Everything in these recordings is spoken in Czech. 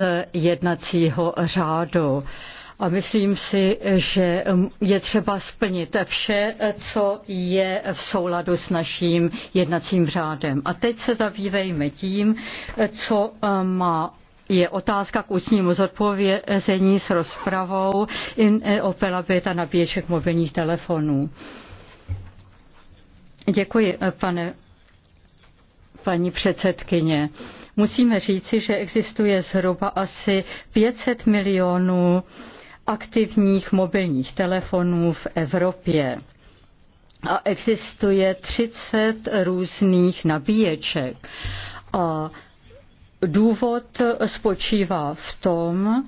Eh, jednacího řádu. A myslím si, že mm, je třeba splnit vše, eh, co je v souladu s naším jednacím řádem. A teď se zabývejme tím, eh, co má je otázka k ústnímu zodpovězení s rozpravou operabilita nabíječek mobilních telefonů. Děkuji, pane, paní předsedkyně musíme říci, že existuje zhruba asi 500 milionů aktivních mobilních telefonů v Evropě. A existuje 30 různých nabíječek. A důvod spočívá v tom,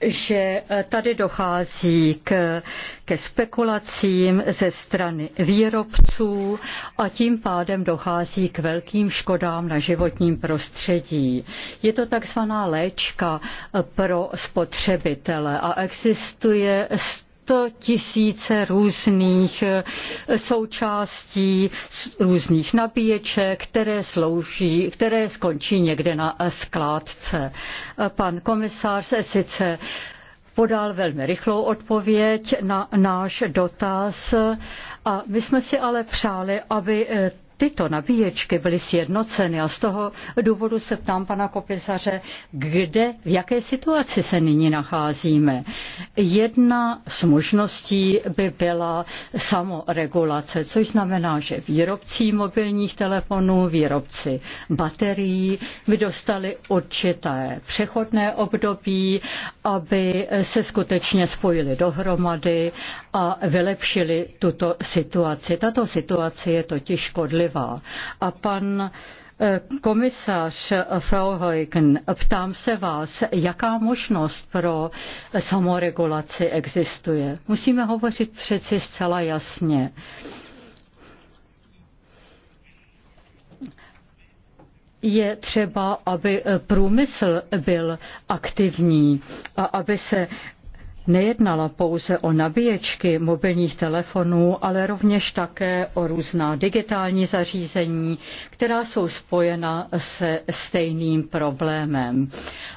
že eh, tady dochází k, ke spekulacím ze strany výrobců a tím pádem dochází k velkým škodám na životním prostředí. Je to takzvaná léčka eh, pro spotřebitele a existuje tisíce různých eh, součástí, různých nabíječek, které, slouží, které skončí někde na eh, skládce. Eh, pan komisář se sice podal velmi rychlou odpověď na náš dotaz a my jsme si ale přáli, aby tyto nabíječky byly sjednoceny a z toho důvodu se ptám pana kopisaře, kde, v jaké situaci se nyní nacházíme. Jedna z možností by byla samoregulace, což znamená, že výrobci mobilních telefonů, výrobci baterií by dostali určité přechodné období, aby se skutečně spojili dohromady a vylepšili tuto situaci. Tato situace je totiž škodlivá paliva. A pan eh, Komisař Felhoeken, ptám se vás, jaká možnost pro samoregulaci existuje? Musíme hovořit přeci zcela jasně. je třeba, aby průmysl byl aktivní a aby se nejednala pouze o nabíječky mobilních telefonů, ale rovněž také o různá digitální zařízení, která jsou spojena se stejným problémem.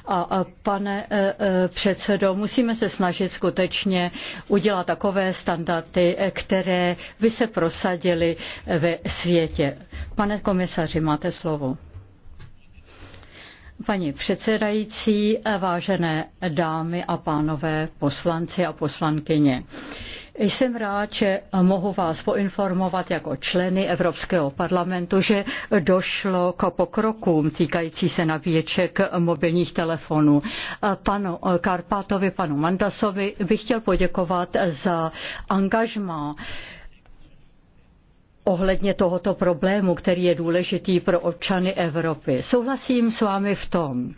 A pane e, e, předsedo, musíme se snažit skutečně udělat takové standardy, které by se prosadily ve světě. Pane komisaři, máte slovo. Paní předsedající, vážené dámy a pánové, poslanci a poslankyně. Jsem rád, že mohu vás poinformovat jako členy Evropského parlamentu, že došlo k pokrokům týkající se nabíječek mobilních telefonů. Panu Karpátovi, panu Mandasovi bych chtěl poděkovat za angažmá ohledně tohoto problému, který je důležitý pro občany Evropy. Souhlasím s vámi v tom,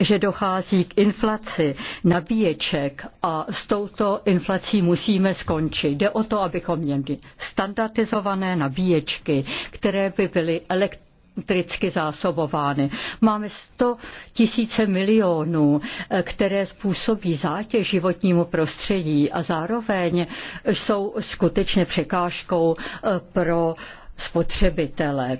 že dochází k inflaci nabíječek a s touto inflací musíme skončit. Jde o to, abychom měli standardizované nabíječky, které by byly elektrické elektricky zásobovány. Máme 100 tisíce milionů, eh, které způsobí zátěž životnímu prostředí a zároveň jsou skutečně překážkou eh, pro spotřebitele.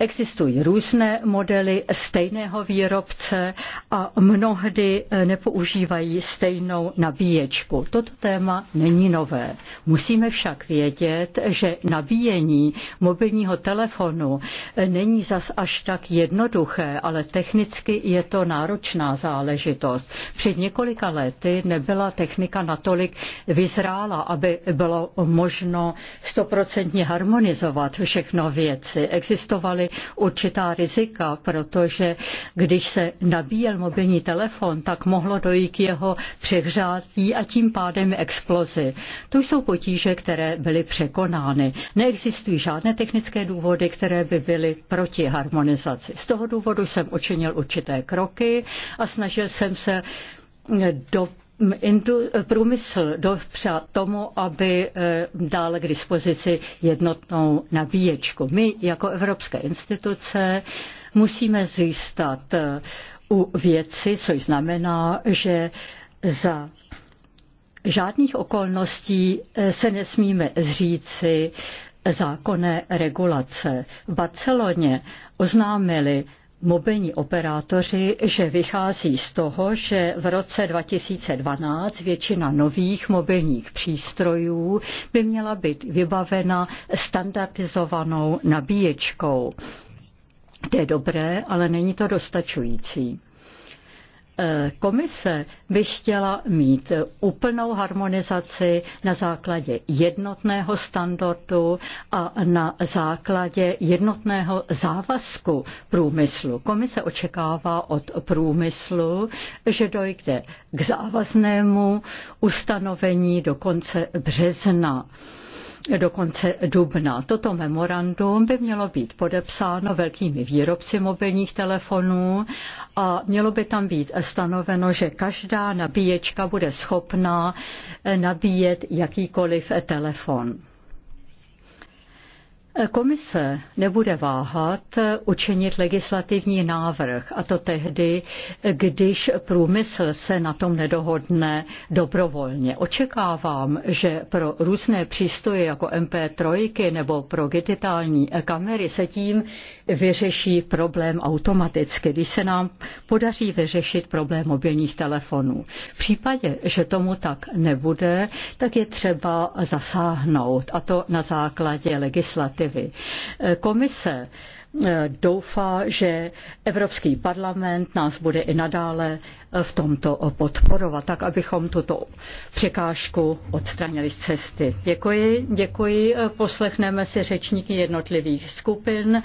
Existují různé modely stejného výrobce a mnohdy eh, nepoužívají stejnou nabíječku. Toto téma není nové. Musíme však vědět, že nabíjení mobilního telefonu eh, není zas až tak jednoduché, ale technicky je to náročná záležitost. Před několika lety nebyla technika natolik vyzrála, aby bylo možno stoprocentně harmonizovat všechno věci. Existovaly určitá rizika, protože když se nabíjel mobilní telefon, tak mohlo dojít k jeho přehřátí a tím pádem explozi. To jsou potíže, které byly překonány. Neexistují žádné technické důvody, které by byly proti harmonizaci. Z toho důvodu jsem učinil určité kroky a snažil jsem se do průmysl dopřát tomu, aby e, dal k dispozici jednotnou nabíječku. My jako evropské instituce musíme zjistat e, u věci, což znamená, že za žádných okolností e, se nesmíme zříci zákonné regulace. V Barceloně oznámili mobilní operátoři, že vychází z toho, že v roce 2012 většina nových mobilních přístrojů by měla být vybavena standardizovanou nabíječkou. To je dobré, ale není to dostačující. Eh, komise by chtěla mít eh, úplnou harmonizaci na základě jednotného standardu a na základě jednotného závazku průmyslu. Komise očekává od průmyslu, že dojde k závaznému ustanovení do konce března do konce dubna. Toto memorandum by mělo být podepsáno velkými výrobci mobilních telefonů a mělo by tam být stanoveno, že každá nabíječka bude schopná nabíjet jakýkoliv telefon. Komise nebude váhat učinit legislativní návrh, a to tehdy, když průmysl se na tom nedohodne dobrovolně. Očekávám, že pro různé přístroje jako MP3 nebo pro digitální kamery se tím vyřeší problém automaticky, když se nám podaří vyřešit problém mobilních telefonů. V případě, že tomu tak nebude, tak je třeba zasáhnout, a to na základě legislativy vlivy. Eh, komise eh, doufá, že Evropský parlament nás bude i nadále eh, v tomto podporovat, tak abychom tuto překážku odstranili z cesty. Děkuji, děkuji. Poslechneme si řečníky jednotlivých skupin.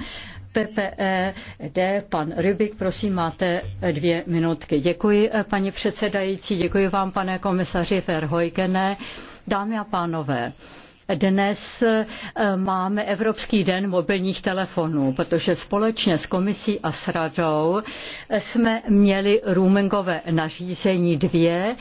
PPE, D, pan Rybik, prosím, máte dvě minutky. Děkuji, paní předsedající, děkuji vám, pane komisaři Verhojkene. Dámy a pánové, dnes eh, máme Evropský den mobilních telefonů, protože společně s komisí a s radou jsme měli roamingové nařízení dvě,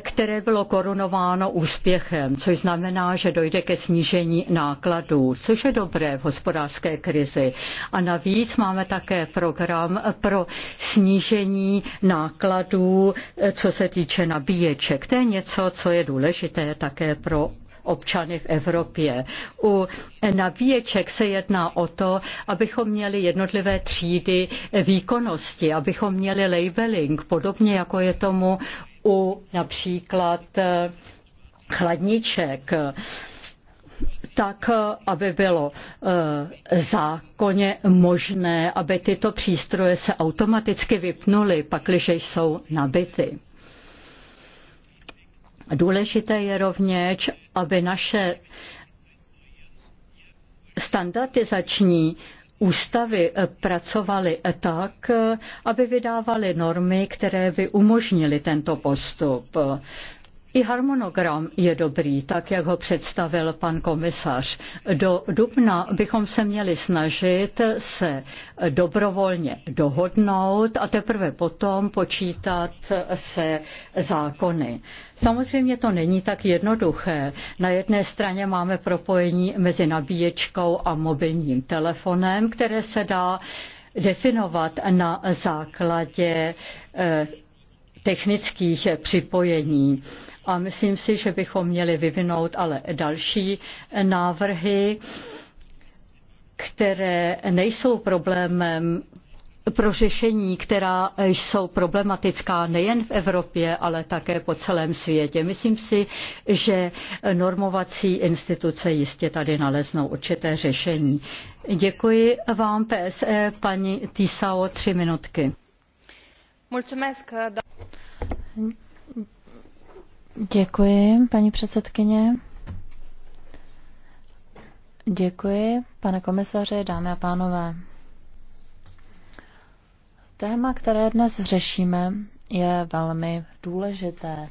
které bylo korunováno úspěchem, což znamená, že dojde ke snížení nákladů, což je dobré v hospodářské krizi. A navíc máme také program pro snížení nákladů, eh, co se týče nabíječek. To je něco, co je důležité také pro občany v Evropě. U navíječek se jedná o to, abychom měli jednotlivé třídy výkonnosti, abychom měli labeling, podobně jako je tomu u například eh, chladniček tak, aby bylo eh, zákonně možné, aby tyto přístroje se automaticky vypnuly, pakliže jsou nabity. Důležité je rovněž, aby naše standardizační ústavy pracovaly tak, aby vydávaly normy, které by umožnily tento postup. I harmonogram je dobrý, tak jak ho představil pan komisař. Do dubna bychom se měli snažit se dobrovolně dohodnout a teprve potom počítat se zákony. Samozřejmě to není tak jednoduché. Na jedné straně máme propojení mezi nabíječkou a mobilním telefonem, které se dá definovat na základě eh, technických připojení. A myslím si, že bychom měli vyvinout ale další návrhy, které nejsou problémem pro řešení, která jsou problematická nejen v Evropě, ale také po celém světě. Myslím si, že normovací instituce jistě tady naleznou určité řešení. Děkuji vám, PSE, paní Tisao, tři minutky. Mulțumesc, Děkuji, paní předsedkyně. Děkuji, pane komisaři, dámy a pánové. Téma, které dnes řešíme, je velmi důležité.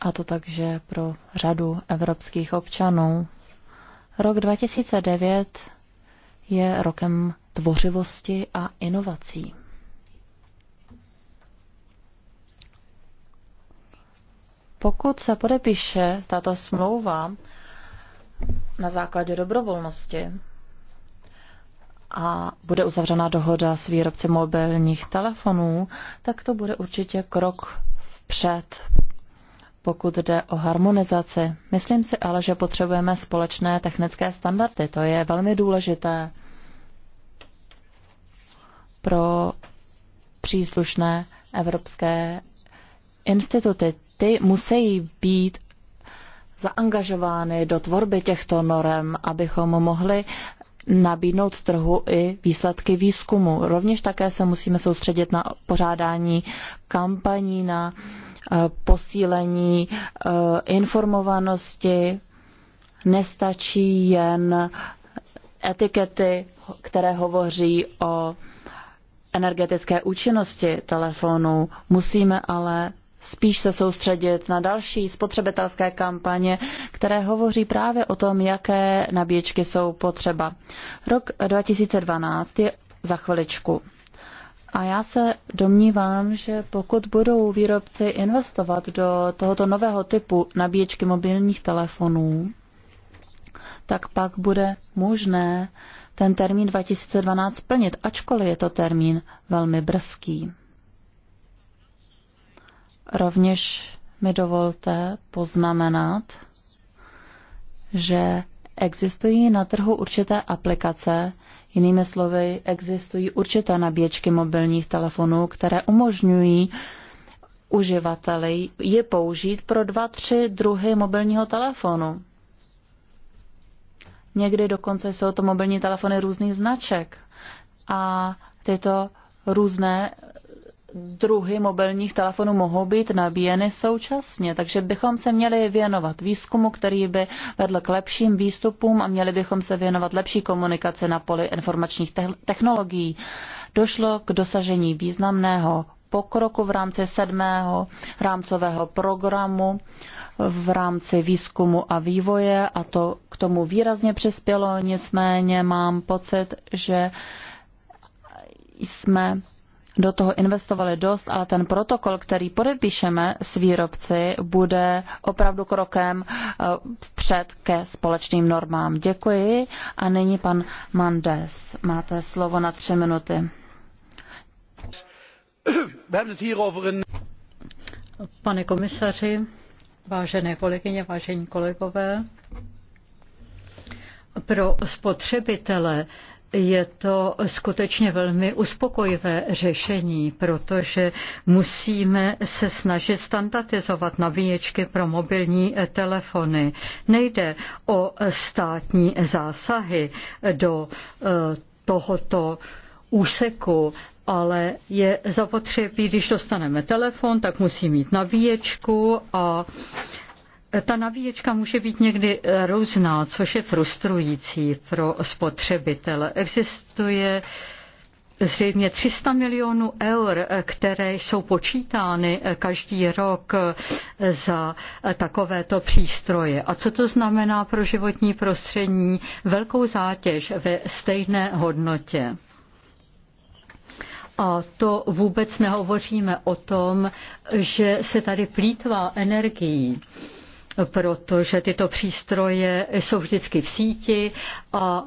A to takže pro řadu evropských občanů. Rok 2009 je rokem tvořivosti a inovací. Pokud se podepíše tato smlouva na základě dobrovolnosti a bude uzavřena dohoda s výrobci mobilních telefonů, tak to bude určitě krok vpřed, pokud jde o harmonizaci. Myslím si ale, že potřebujeme společné technické standardy. To je velmi důležité pro příslušné evropské instituty ty musí být zaangažovány do tvorby těchto norem, abychom mohli nabídnout trhu i výsledky výzkumu. Rovněž také se musíme soustředit na pořádání kampaní, na eh, posílení eh, informovanosti. Nestačí jen etikety, které hovoří o energetické účinnosti telefonů. Musíme ale spíš se soustředit na další spotřebitelské kampaně, které hovoří právě o tom, jaké nabíječky jsou potřeba. Rok 2012 je za chviličku. A já se domnívám, že pokud budou výrobci investovat do tohoto nového typu nabíječky mobilních telefonů, tak pak bude možné ten termín 2012 splnit, ačkoliv je to termín velmi brzký. Rovněž mi dovolte poznamenat, že existují na trhu určité aplikace, jinými slovy, existují určité nabíječky mobilních telefonů, které umožňují uživateli je použít pro dva, tři druhy mobilního telefonu. Někdy dokonce jsou to mobilní telefony různých značek a tyto různé druhy mobilních telefonů mohou být nabíjeny současně, takže bychom se měli věnovat výzkumu, který by vedl k lepším výstupům a měli bychom se věnovat lepší komunikaci na poli informačních technologií. Došlo k dosažení významného pokroku v rámci sedmého rámcového programu v rámci výzkumu a vývoje a to k tomu výrazně přispělo, nicméně mám pocit, že jsme do toho investovali dost, ale ten protokol, který podepíšeme s výrobci, bude opravdu krokem eh, vpřed ke společným normám. Děkuji. A nyní pan Mandes. Máte slovo na tři minuty. Pane komisaři, vážené kolegyně, vážení kolegové, pro spotřebitele je to skutečně velmi uspokojivé řešení, protože musíme se snažit standardizovat nabíječky pro mobilní telefony. Nejde o státní zásahy do eh, tohoto úseku, ale je zapotřebí, když dostaneme telefon, tak musí mít nabíječku a ta nabíječka může být někdy eh, různá, což je frustrující pro spotřebitele. Existuje zřejmě 300 milionů eur, eh, které jsou počítány eh, každý rok za takovéto přístroje. A co to znamená pro životní prostředí? Velkou zátěž ve stejné hodnotě. A to vůbec nehovoříme o tom, že se tady plítvá energií protože tyto přístroje jsou vždycky v síti a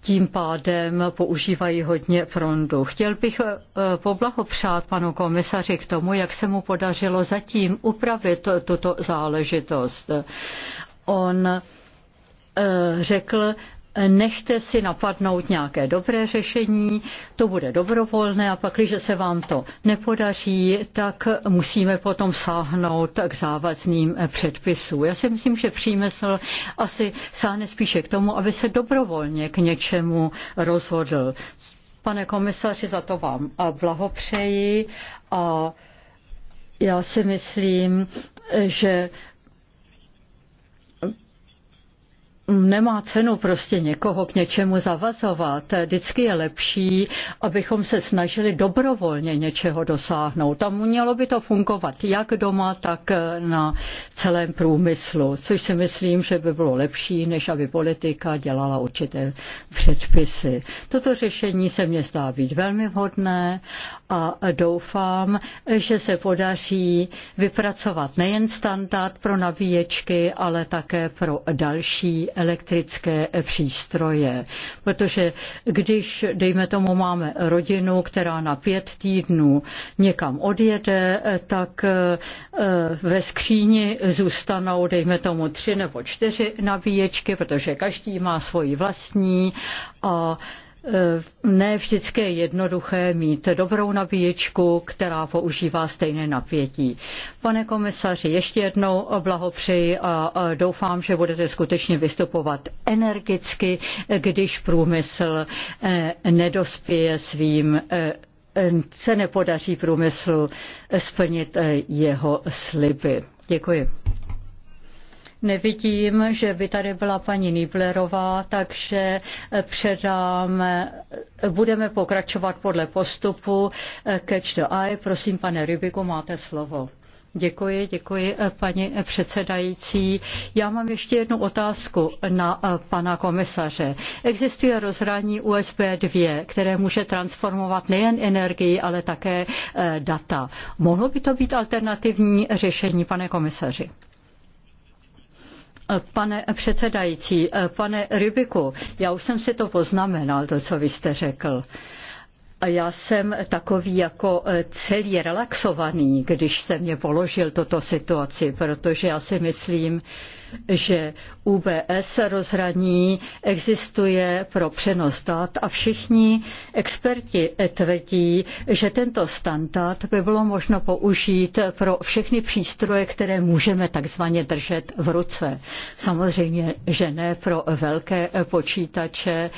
tím pádem používají hodně frondu. Chtěl bych eh, poblahopřát panu komisaři k tomu, jak se mu podařilo zatím upravit tuto záležitost. On eh, řekl, nechte si napadnout nějaké dobré řešení, to bude dobrovolné a pak, když se vám to nepodaří, tak musíme potom sáhnout k závazným eh, předpisům. Já si myslím, že přímysl asi sáhne spíše k tomu, aby se dobrovolně k něčemu rozhodl. Pane komisaři, za to vám eh, blahopřeji a já si myslím, že nemá cenu prostě někoho k něčemu zavazovat. Vždycky je lepší, abychom se snažili dobrovolně něčeho dosáhnout. A mělo by to fungovat jak doma, tak na celém průmyslu, což si myslím, že by bylo lepší, než aby politika dělala určité předpisy. Toto řešení se mně zdá být velmi vhodné a doufám, že se podaří vypracovat nejen standard pro nabíječky, ale také pro další eh, elektrické přístroje. Protože když, dejme tomu, máme rodinu, která na pět týdnů někam odjede, tak eh, ve skříni zůstanou, dejme tomu, tři nebo čtyři nabíječky, protože každý má svoji vlastní a Eh, ne vždycky je jednoduché mít dobrou nabíječku, která používá stejné napětí. Pane komisaři, ještě jednou blahopřeji a doufám, že budete skutečně vystupovat energicky, když průmysl eh, nedospěje svým eh, se nepodaří průmyslu splnit jeho sliby. Děkuji. Nevidím, že by tady byla paní Niblerová, takže předám, budeme pokračovat podle postupu Catch the Eye. Prosím, pane Rybiku, máte slovo. Děkuji, děkuji paní předsedající. Já mám ještě jednu otázku na pana komisaře. Existuje rozhraní USB 2, které může transformovat nejen energii, ale také eh, data. Mohlo by to být alternativní řešení, pane komisaři? Eh, pane předsedající, eh, pane Rybiku, já už jsem si to poznamenal, to, co vy jste řekl. A já jsem takový jako e, celý relaxovaný, když se mě položil toto situaci, protože já si myslím, že UBS rozhraní existuje pro přenos dat a všichni experti tvrdí, že tento standard by bylo možno použít pro všechny přístroje, které můžeme takzvaně držet v ruce. Samozřejmě, že ne pro velké počítače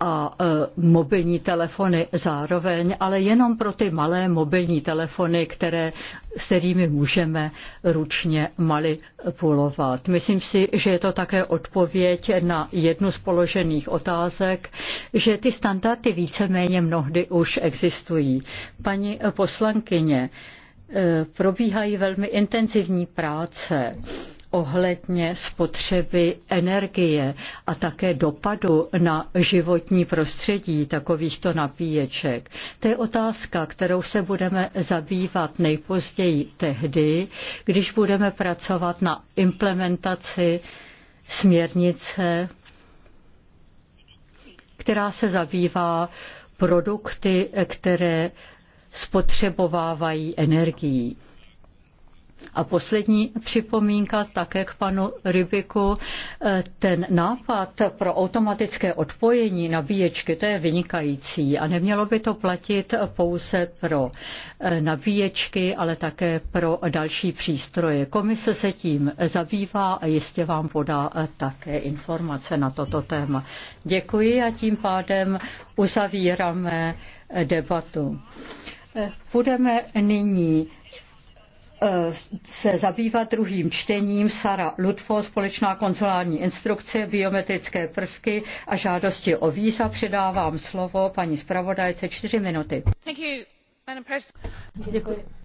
a e, mobilní telefony zároveň, ale jenom pro ty malé mobilní telefony, které, s kterými můžeme ručně manipulovat. Myslím si, že je to také odpověď na jednu z položených otázek, že ty standardy víceméně mnohdy už existují. Paní poslankyně, e, probíhají velmi intenzivní práce ohledně spotřeby energie a také dopadu na životní prostředí takovýchto napíječek. To je otázka, kterou se budeme zabývat nejpozději tehdy, když budeme pracovat na implementaci směrnice, která se zabývá produkty, které spotřebovávají energii. A poslední připomínka také k panu Rybiku. E, ten nápad pro automatické odpojení nabíječky, to je vynikající a nemělo by to platit pouze pro e, nabíječky, ale také pro další přístroje. Komise se tím zabývá a jistě vám podá e, také informace na toto téma. Děkuji a tím pádem uzavíráme debatu. Budeme nyní Eh, se zabývat druhým čtením Sara Lutfo, společná konzulární instrukce, biometrické prvky a žádosti o víza. Předávám slovo paní zpravodajce čtyři minuty. Děkuji.